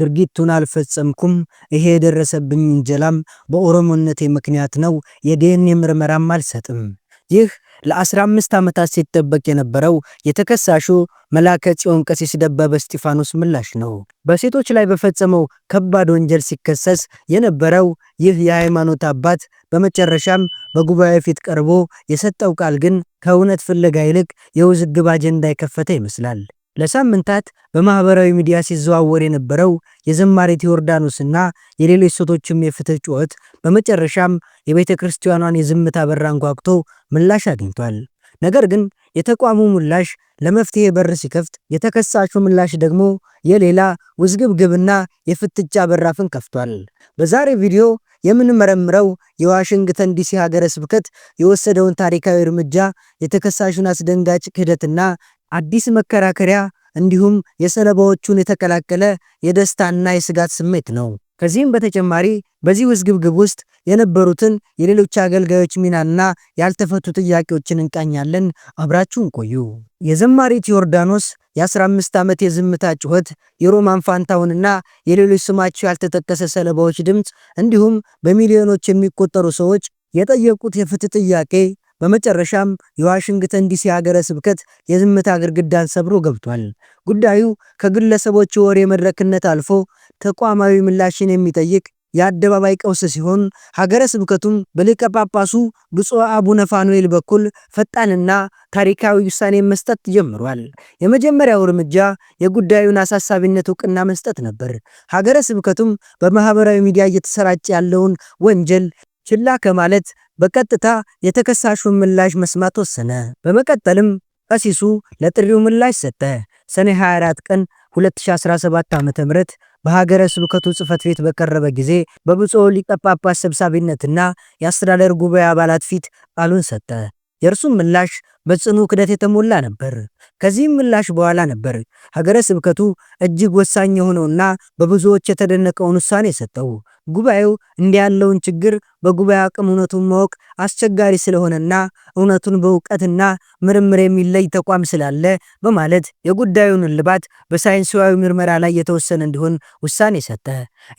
ድርጊቱን አልፈጸምኩም። ይሄ የደረሰብኝ እንጀላም በኦሮሞነቴ ምክንያት ነው። የዲኤንኤ ምርመራም አልሰጥም። ይህ ለ15 ዓመታት ሲጠበቅ የነበረው የተከሳሹ መላከ ጽዮን ቀሲስ ደበበ እስጢፋኖስ ምላሽ ነው። በሴቶች ላይ በፈጸመው ከባድ ወንጀል ሲከሰስ የነበረው ይህ የሃይማኖት አባት በመጨረሻም በጉባኤ ፊት ቀርቦ የሰጠው ቃል ግን ከእውነት ፍለጋ ይልቅ የውዝግብ አጀንዳ የከፈተ ይመስላል። ለሳምንታት በማኅበራዊ ሚዲያ ሲዘዋወር የነበረው የዘማሪት ዮርዳኖስና የሌሎች ሴቶችም የፍትህ ጩኸት በመጨረሻም የቤተ ክርስቲያኗን የዝምታ በር አንኳኩቶ ምላሽ አግኝቷል። ነገር ግን የተቋሙ ምላሽ ለመፍትሄ በር ሲከፍት፣ የተከሳሹ ምላሽ ደግሞ የሌላ ውዝግብግብና የፍትቻ በራፍን ከፍቷል። በዛሬ ቪዲዮ የምንመረምረው የዋሽንግተን ዲሲ ሀገረ ስብከት የወሰደውን ታሪካዊ እርምጃ፣ የተከሳሹን አስደንጋጭ ክህደትና አዲስ መከራከሪያ እንዲሁም የሰለባዎቹን የተቀላቀለ የደስታና የስጋት ስሜት ነው። ከዚህም በተጨማሪ በዚህ ውዝግብግብ ውስጥ የነበሩትን የሌሎች አገልጋዮች ሚናና ያልተፈቱ ጥያቄዎችን እንቃኛለን። አብራችሁን ቆዩ። የዘማሪት ዮርዳኖስ የ15 ዓመት የዝምታ ጩኸት፣ የሮማን ፋንታውንና የሌሎች ስማቸው ያልተጠቀሰ ሰለባዎች ድምፅ እንዲሁም በሚሊዮኖች የሚቆጠሩ ሰዎች የጠየቁት የፍትህ ጥያቄ በመጨረሻም የዋሽንግተን ዲሲ ሀገረ ስብከት የዝምታ ግድግዳን ሰብሮ ገብቷል። ጉዳዩ ከግለሰቦች ወሬ መድረክነት አልፎ ተቋማዊ ምላሽን የሚጠይቅ የአደባባይ ቀውስ ሲሆን ሀገረ ስብከቱም በሊቀ ጳጳሱ ብፁዕ አቡነ ፋኑኤል በኩል ፈጣንና ታሪካዊ ውሳኔ መስጠት ጀምሯል። የመጀመሪያው እርምጃ የጉዳዩን አሳሳቢነት እውቅና መስጠት ነበር። ሀገረ ስብከቱም በማህበራዊ ሚዲያ እየተሰራጨ ያለውን ወንጀል ችላ ከማለት በቀጥታ የተከሳሹን ምላሽ መስማት ወሰነ። በመቀጠልም ቀሲሱ ለጥሪው ምላሽ ሰጠ። ሰኔ 24 ቀን 2017 ዓ.ም በሀገረ ስብከቱ ጽሕፈት ቤት በቀረበ ጊዜ በብፁዕ ሊቀ ጳጳስ ሰብሳቢነትና የአስተዳደር ጉባኤ አባላት ፊት ቃሉን ሰጠ። የእርሱም ምላሽ በጽኑ ክደት የተሞላ ነበር። ከዚህም ምላሽ በኋላ ነበር ሀገረ ስብከቱ እጅግ ወሳኝ የሆነውና በብዙዎች የተደነቀውን ውሳኔ ሰጠው። ጉባኤው እንዲህ ያለውን ችግር በጉባኤ አቅም እውነቱን ማወቅ አስቸጋሪ ስለሆነና እውነቱን በእውቀትና ምርምር የሚለይ ተቋም ስላለ በማለት የጉዳዩን እልባት በሳይንሳዊ ምርመራ ላይ የተወሰነ እንዲሆን ውሳኔ ሰጠ።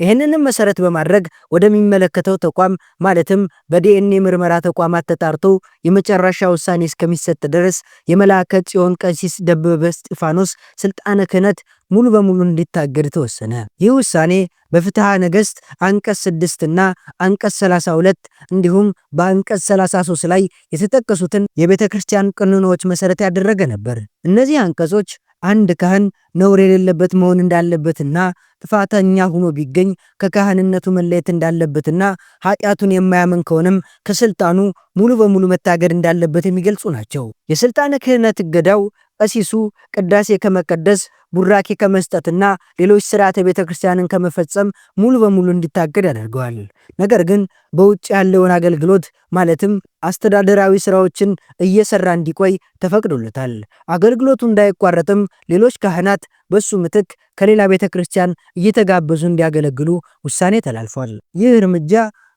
ይህንንም መሰረት በማድረግ ወደሚመለከተው ተቋም ማለትም በዲኤንኤ ምርመራ ተቋማት ተጣርቶ የመጨረሻ ውሳኔ እስከሚሰጥ ድረስ የመላከ ጽዮን ቀ ፍራንሲስ ደበበ እስጢፋኖስ ስልጣነ ክህነት ሙሉ በሙሉ እንዲታገድ ተወሰነ። ይህ ውሳኔ በፍትሐ ነገሥት አንቀጽ 6 እና አንቀጽ 32 እንዲሁም በአንቀጽ 33 ላይ የተጠቀሱትን የቤተ ክርስቲያን ቀኖናዎች መሠረት ያደረገ ነበር። እነዚህ አንቀጾች አንድ ካህን ነውር የሌለበት መሆን እንዳለበትና ጥፋተኛ ሆኖ ቢገኝ ከካህንነቱ መለየት እንዳለበትና ኃጢአቱን የማያምን ከሆነም ከስልጣኑ ሙሉ በሙሉ መታገድ እንዳለበት የሚገልጹ ናቸው። የስልጣነ ክህነት እገዳው ቀሲሱ ቅዳሴ ከመቀደስ ቡራኬ ከመስጠትና ሌሎች ስርዓተ ቤተ ክርስቲያንን ከመፈጸም ሙሉ በሙሉ እንዲታገድ ያደርገዋል። ነገር ግን በውጭ ያለውን አገልግሎት ማለትም አስተዳደራዊ ስራዎችን እየሰራ እንዲቆይ ተፈቅዶለታል። አገልግሎቱ እንዳይቋረጥም ሌሎች ካህናት በሱ ምትክ ከሌላ ቤተ ክርስቲያን እየተጋበዙ እንዲያገለግሉ ውሳኔ ተላልፏል። ይህ እርምጃ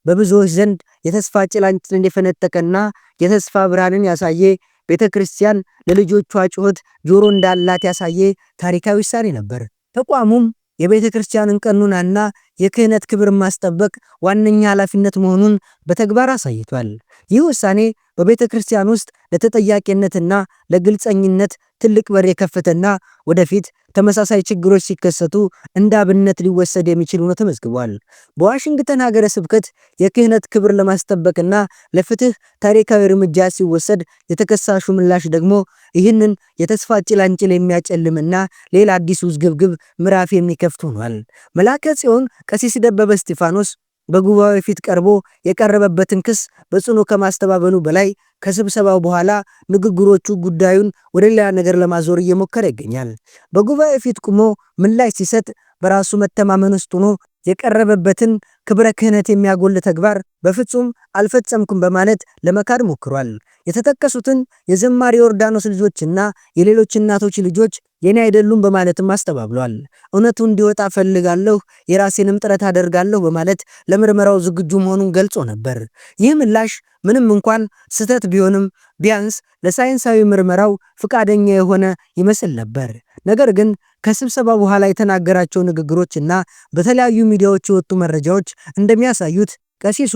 በብዙዎች ዘንድ የተስፋ ጭላንጭልን የፈነጠቀና የተስፋ ብርሃንን ያሳየ ቤተ ክርስቲያን ለልጆቿ ጩኸት ጆሮ እንዳላት ያሳየ ታሪካዊ ውሳኔ ነበር። ተቋሙም የቤተ ክርስቲያንን ቀኑናና የክህነት ክብር ማስጠበቅ ዋነኛ ኃላፊነት መሆኑን በተግባር አሳይቷል። ይህ ውሳኔ በቤተ ክርስቲያን ውስጥ ለተጠያቂነትና ለግልጸኝነት ትልቅ በር የከፈተና ወደፊት ተመሳሳይ ችግሮች ሲከሰቱ እንደ አብነት ሊወሰድ የሚችል ሆኖ ተመዝግቧል። በዋሽንግተን ሀገረ ስብከት የክህነት ክብር ለማስጠበቅና ለፍትህ ታሪካዊ እርምጃ ሲወሰድ፣ የተከሳሹ ምላሽ ደግሞ ይህንን የተስፋ ጭላንጭል የሚያጨልምና ሌላ አዲስ ውዝግብግብ ምዕራፍ የሚከፍት ሆኗል። መላከ ጽዮን ቀሲስ ደበበ እስጢፋኖስ በጉባኤው ፊት ቀርቦ የቀረበበትን ክስ በጽኑ ከማስተባበሉ በላይ ከስብሰባው በኋላ ንግግሮቹ ጉዳዩን ወደ ሌላ ነገር ለማዞር እየሞከረ ይገኛል። በጉባኤው ፊት ቁሞ ምላሽ ሲሰጥ በራሱ መተማመን ውስጥ ሆኖ የቀረበበትን ክብረ ክህነት የሚያጎል ተግባር በፍጹም አልፈጸምኩም በማለት ለመካድ ሞክሯል። የተጠቀሱትን የዘማሪ ዮርዳኖስ ልጆችና የሌሎች እናቶች ልጆች የኔ አይደሉም በማለትም አስተባብሏል። እውነቱ እንዲወጣ ፈልጋለሁ፣ የራሴንም ጥረት አደርጋለሁ በማለት ለምርመራው ዝግጁ መሆኑን ገልጾ ነበር። ይህ ምላሽ ምንም እንኳን ስህተት ቢሆንም ቢያንስ ለሳይንሳዊ ምርመራው ፈቃደኛ የሆነ ይመስል ነበር። ነገር ግን ከስብሰባ በኋላ የተናገራቸው ንግግሮች እና በተለያዩ ሚዲያዎች የወጡ መረጃዎች እንደሚያሳዩት ቀሲሱ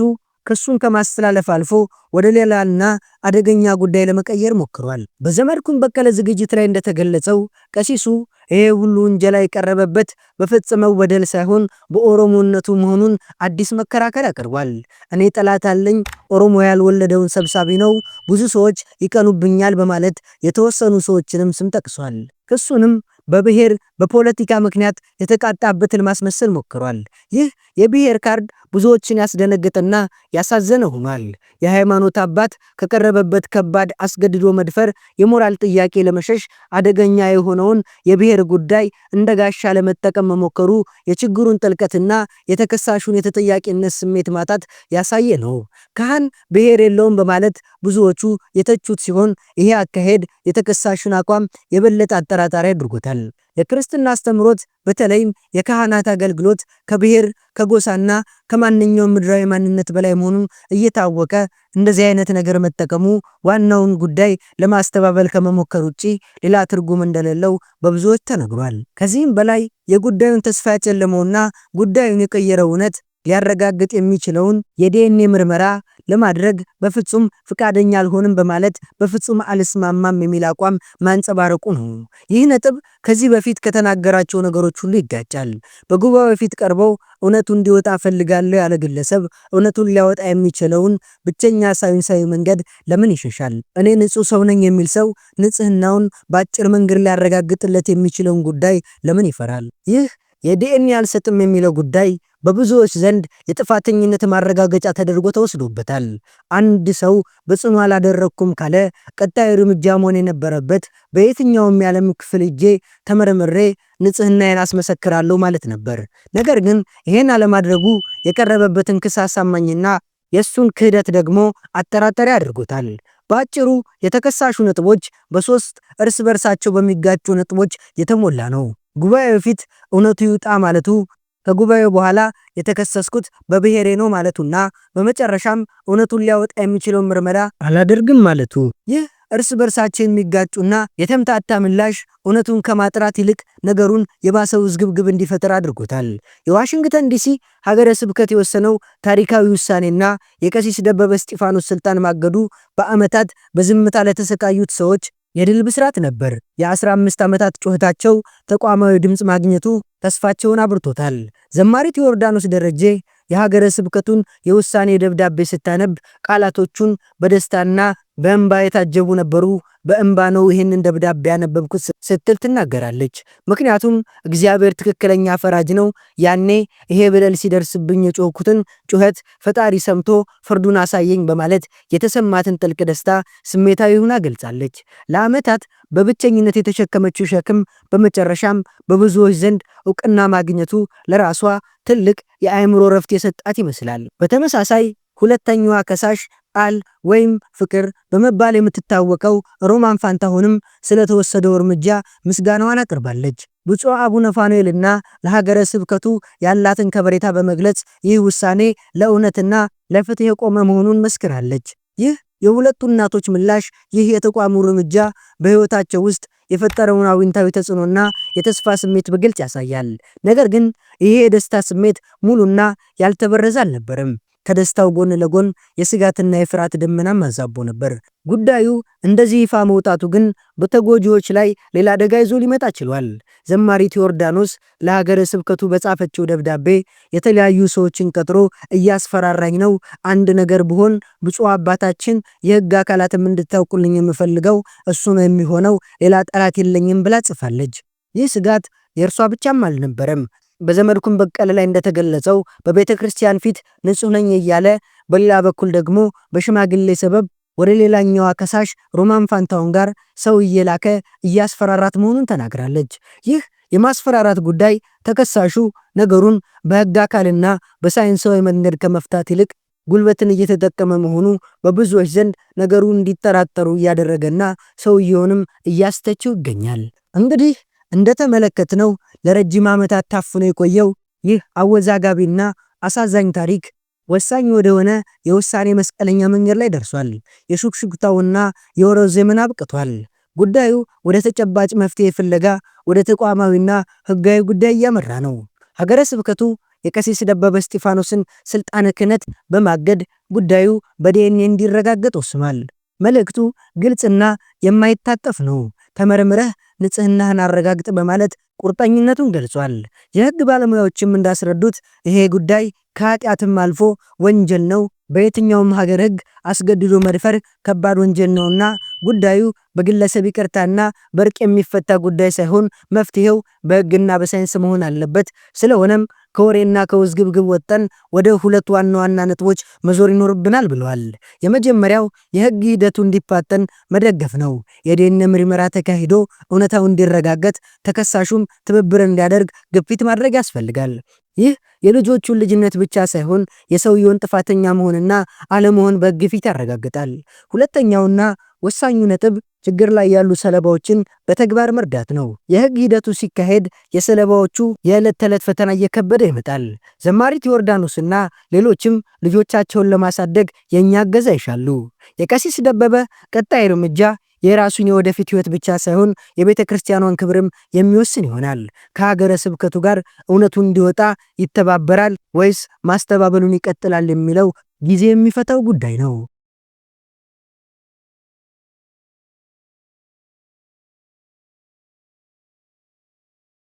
ክሱን ከማስተላለፍ አልፎ ወደ ሌላና አደገኛ ጉዳይ ለመቀየር ሞክሯል። በዘመድኩን በቀለ ዝግጅት ላይ እንደተገለጸው ቀሲሱ ይሄ ሁሉ ውንጀላ የቀረበበት በፈጸመው በደል ሳይሆን በኦሮሞነቱ መሆኑን አዲስ መከራከል አቅርቧል። እኔ ጠላት አለኝ፣ ኦሮሞ ያልወለደውን ሰብሳቢ ነው፣ ብዙ ሰዎች ይቀኑብኛል በማለት የተወሰኑ ሰዎችንም ስም ጠቅሷል። ክሱንም በብሔር በፖለቲካ ምክንያት የተቃጣበትን ማስመሰል ሞክሯል። ይህ የብሔር ካርድ ብዙዎችን ያስደነገጠና ያሳዘነ ሆኗል። የሃይማኖት አባት ከቀረበበት ከባድ አስገድዶ መድፈር የሞራል ጥያቄ ለመሸሽ አደገኛ የሆነውን የብሔር ጉዳይ እንደ ጋሻ ለመጠቀም መሞከሩ የችግሩን ጥልቀትና የተከሳሹን የተጠያቂነት ስሜት ማጣት ያሳየ ነው። ካህን ብሔር የለውም በማለት ብዙዎቹ የተቹት ሲሆን ይሄ አካሄድ የተከሳሹን አቋም የበለጠ አጠራጣሪ አድርጎታል። የክርስትና አስተምሮት በተለይም የካህናት አገልግሎት ከብሔር ከጎሳና ከማንኛውም ምድራዊ ማንነት በላይ መሆኑን እየታወቀ እንደዚህ አይነት ነገር መጠቀሙ ዋናውን ጉዳይ ለማስተባበል ከመሞከር ውጪ ሌላ ትርጉም እንደሌለው በብዙዎች ተነግሯል። ከዚህም በላይ የጉዳዩን ተስፋ ያጨለመውና ጉዳዩን የቀየረው እውነት ሊያረጋግጥ የሚችለውን የዲኤንኤ ምርመራ ለማድረግ በፍጹም ፍቃደኛ አልሆንም በማለት በፍጹም አልስማማም የሚል አቋም ማንጸባረቁ ነው። ይህ ነጥብ ከዚህ በፊት ከተናገራቸው ነገሮች ሁሉ ይጋጫል። በጉባኤ በፊት ቀርበው እውነቱ እንዲወጣ ፈልጋለሁ ያለ ግለሰብ እውነቱን ሊያወጣ የሚችለውን ብቸኛ ሳይንሳዊ መንገድ ለምን ይሸሻል? እኔ ንጹህ ሰው ነኝ የሚል ሰው ንጽህናውን በአጭር መንገድ ሊያረጋግጥለት የሚችለውን ጉዳይ ለምን ይፈራል? ይህ የዲኤንኤ አልሰጥም የሚለው ጉዳይ በብዙዎች ዘንድ የጥፋተኝነት ማረጋገጫ ተደርጎ ተወስዶበታል። አንድ ሰው በጽኑ አላደረግኩም ካለ ቀጣዩ እርምጃ መሆን የነበረበት በየትኛውም የዓለም ክፍል እጄ ተመረምሬ ንጽህናዬን አስመሰክራለሁ ማለት ነበር። ነገር ግን ይህን አለማድረጉ የቀረበበትን ክስ አሳማኝና የእሱን ክህደት ደግሞ አጠራጠሪ አድርጎታል። በአጭሩ የተከሳሹ ነጥቦች በሶስት እርስ በርሳቸው በሚጋጩ ነጥቦች የተሞላ ነው። ጉባኤው ፊት እውነቱ ይውጣ ማለቱ ከጉባኤው በኋላ የተከሰስኩት በብሔሬ ነው ማለቱና በመጨረሻም እውነቱን ሊያወጣ የሚችለውን ምርመራ አላደርግም ማለቱ ይህ እርስ በርሳቸው የሚጋጩና የተምታታ ምላሽ እውነቱን ከማጥራት ይልቅ ነገሩን የባሰ ውዝግብግብ እንዲፈጠር አድርጎታል። የዋሽንግተን ዲሲ ሀገረ ስብከት የወሰነው ታሪካዊ ውሳኔና የቀሲስ ደበበ እስጢፋኖስ ስልጣን ማገዱ በዓመታት በዝምታ ለተሰቃዩት ሰዎች የድል ብስራት ነበር። የ15 ዓመታት ጩኸታቸው ተቋማዊ ድምፅ ማግኘቱ ተስፋቸውን አብርቶታል። ዘማሪት ዮርዳኖስ ደረጄ የሀገረ ስብከቱን የውሳኔ ደብዳቤ ስታነብ ቃላቶቹን በደስታና በእንባ የታጀቡ ነበሩ። በእንባ ነው ይህንን ደብዳቤ ያነበብኩት ስትል ትናገራለች። ምክንያቱም እግዚአብሔር ትክክለኛ ፈራጅ ነው። ያኔ ይሄ በደል ሲደርስብኝ የጮኩትን ጩኸት ፈጣሪ ሰምቶ ፍርዱን አሳየኝ በማለት የተሰማትን ጥልቅ ደስታ ስሜታዊ ሆና ገልጻለች። ለዓመታት በብቸኝነት የተሸከመችው ሸክም በመጨረሻም በብዙዎች ዘንድ እውቅና ማግኘቱ ለራሷ ትልቅ የአእምሮ ረፍት የሰጣት ይመስላል። በተመሳሳይ ሁለተኛዋ ከሳሽ ቃል ወይም ፍቅር በመባል የምትታወቀው ሮማን ፋንታሁንም ስለተወሰደው እርምጃ ምስጋናዋን አቅርባለች። ብፁዕ አቡነ ፋኑኤልና ለሀገረ ስብከቱ ያላትን ከበሬታ በመግለጽ ይህ ውሳኔ ለእውነትና ለፍትሕ የቆመ መሆኑን መስክራለች። ይህ የሁለቱ እናቶች ምላሽ ይህ የተቋሙ እርምጃ በሕይወታቸው ውስጥ የፈጠረውን አዊንታዊ ተጽዕኖና የተስፋ ስሜት በግልጽ ያሳያል። ነገር ግን ይሄ የደስታ ስሜት ሙሉና ያልተበረዘ አልነበረም። ከደስታው ጎን ለጎን የስጋትና የፍርሃት ደመናም አዛቦ ነበር። ጉዳዩ እንደዚህ ይፋ መውጣቱ ግን በተጎጂዎች ላይ ሌላ አደጋ ይዞ ሊመጣ ችሏል። ዘማሪት ዮርዳኖስ ለሀገረ ስብከቱ በጻፈችው ደብዳቤ የተለያዩ ሰዎችን ቀጥሮ እያስፈራራኝ ነው፣ አንድ ነገር ብሆን ብፁዕ አባታችን የህግ አካላትም እንድታውቁልኝ የምፈልገው እሱ ነው የሚሆነው፣ ሌላ ጠላት የለኝም ብላ ጽፋለች። ይህ ስጋት የእርሷ ብቻም አልነበረም። በዘመድኩን በቀለ ላይ እንደተገለጸው በቤተ ክርስቲያን ፊት ንጹህ ነኝ እያለ በሌላ በኩል ደግሞ በሽማግሌ ሰበብ ወደ ሌላኛዋ ከሳሽ ሮማን ፋንታውን ጋር ሰው እየላከ እያስፈራራት መሆኑን ተናግራለች። ይህ የማስፈራራት ጉዳይ ተከሳሹ ነገሩን በህግ አካልና በሳይንሳዊ መንገድ ከመፍታት ይልቅ ጉልበትን እየተጠቀመ መሆኑ በብዙዎች ዘንድ ነገሩ እንዲጠራጠሩ እያደረገና ሰውየውንም እያስተችው ይገኛል። እንግዲህ እንደተመለከትነው ለረጅም ዓመታት ታፍኖ የቆየው ይህ አወዛጋቢና አሳዛኝ ታሪክ ወሳኝ ወደሆነ የውሳኔ መስቀለኛ መንገድ ላይ ደርሷል። የሹክሹክታውና የወረው ዘመን አብቅቷል። ጉዳዩ ወደ ተጨባጭ መፍትሄ ፍለጋ ወደ ተቋማዊና ሕጋዊ ጉዳይ እያመራ ነው። ሀገረ ስብከቱ የቀሲስ ደበበ እስጢፋኖስን ስልጣነ ክህነት በማገድ ጉዳዩ በዲኤንኤ እንዲረጋገጥ ወስኗል። መልእክቱ ግልጽና የማይታጠፍ ነው። ተመርምረህ ንጽህናህን አረጋግጥ በማለት ቁርጠኝነቱን ገልጿል። የህግ ባለሙያዎችም እንዳስረዱት ይሄ ጉዳይ ከኃጢአትም አልፎ ወንጀል ነው። በየትኛውም ሀገር ህግ አስገድዶ መድፈር ከባድ ወንጀል ነውና ጉዳዩ በግለሰብ ይቅርታና በእርቅ የሚፈታ ጉዳይ ሳይሆን መፍትሄው በህግና በሳይንስ መሆን አለበት። ስለሆነም ከወሬና ከውዝግብግብ ወጠን ወደ ሁለት ዋና ዋና ነጥቦች መዞር ይኖርብናል ብለዋል። የመጀመሪያው የህግ ሂደቱ እንዲፋጠን መደገፍ ነው። የዲኤንኤ ምርመራ ተካሂዶ እውነታው እንዲረጋገጥ ተከሳሹም ትብብር እንዲያደርግ ግፊት ማድረግ ያስፈልጋል። ይህ የልጆቹን ልጅነት ብቻ ሳይሆን የሰውየውን ጥፋተኛ መሆንና አለመሆን በህግ ፊት ያረጋግጣል። ሁለተኛውና ወሳኙ ነጥብ ችግር ላይ ያሉ ሰለባዎችን በተግባር መርዳት ነው። የህግ ሂደቱ ሲካሄድ የሰለባዎቹ የዕለት ተዕለት ፈተና እየከበደ ይመጣል። ዘማሪት ዮርዳኖስና ሌሎችም ልጆቻቸውን ለማሳደግ የእኛ እገዛ ይሻሉ። የቀሲስ ደበበ ቀጣይ እርምጃ የራሱን የወደፊት ህይወት ብቻ ሳይሆን የቤተ ክርስቲያኗን ክብርም የሚወስን ይሆናል። ከሀገረ ስብከቱ ጋር እውነቱን እንዲወጣ ይተባበራል ወይስ ማስተባበሉን ይቀጥላል የሚለው ጊዜ የሚፈታው ጉዳይ ነው።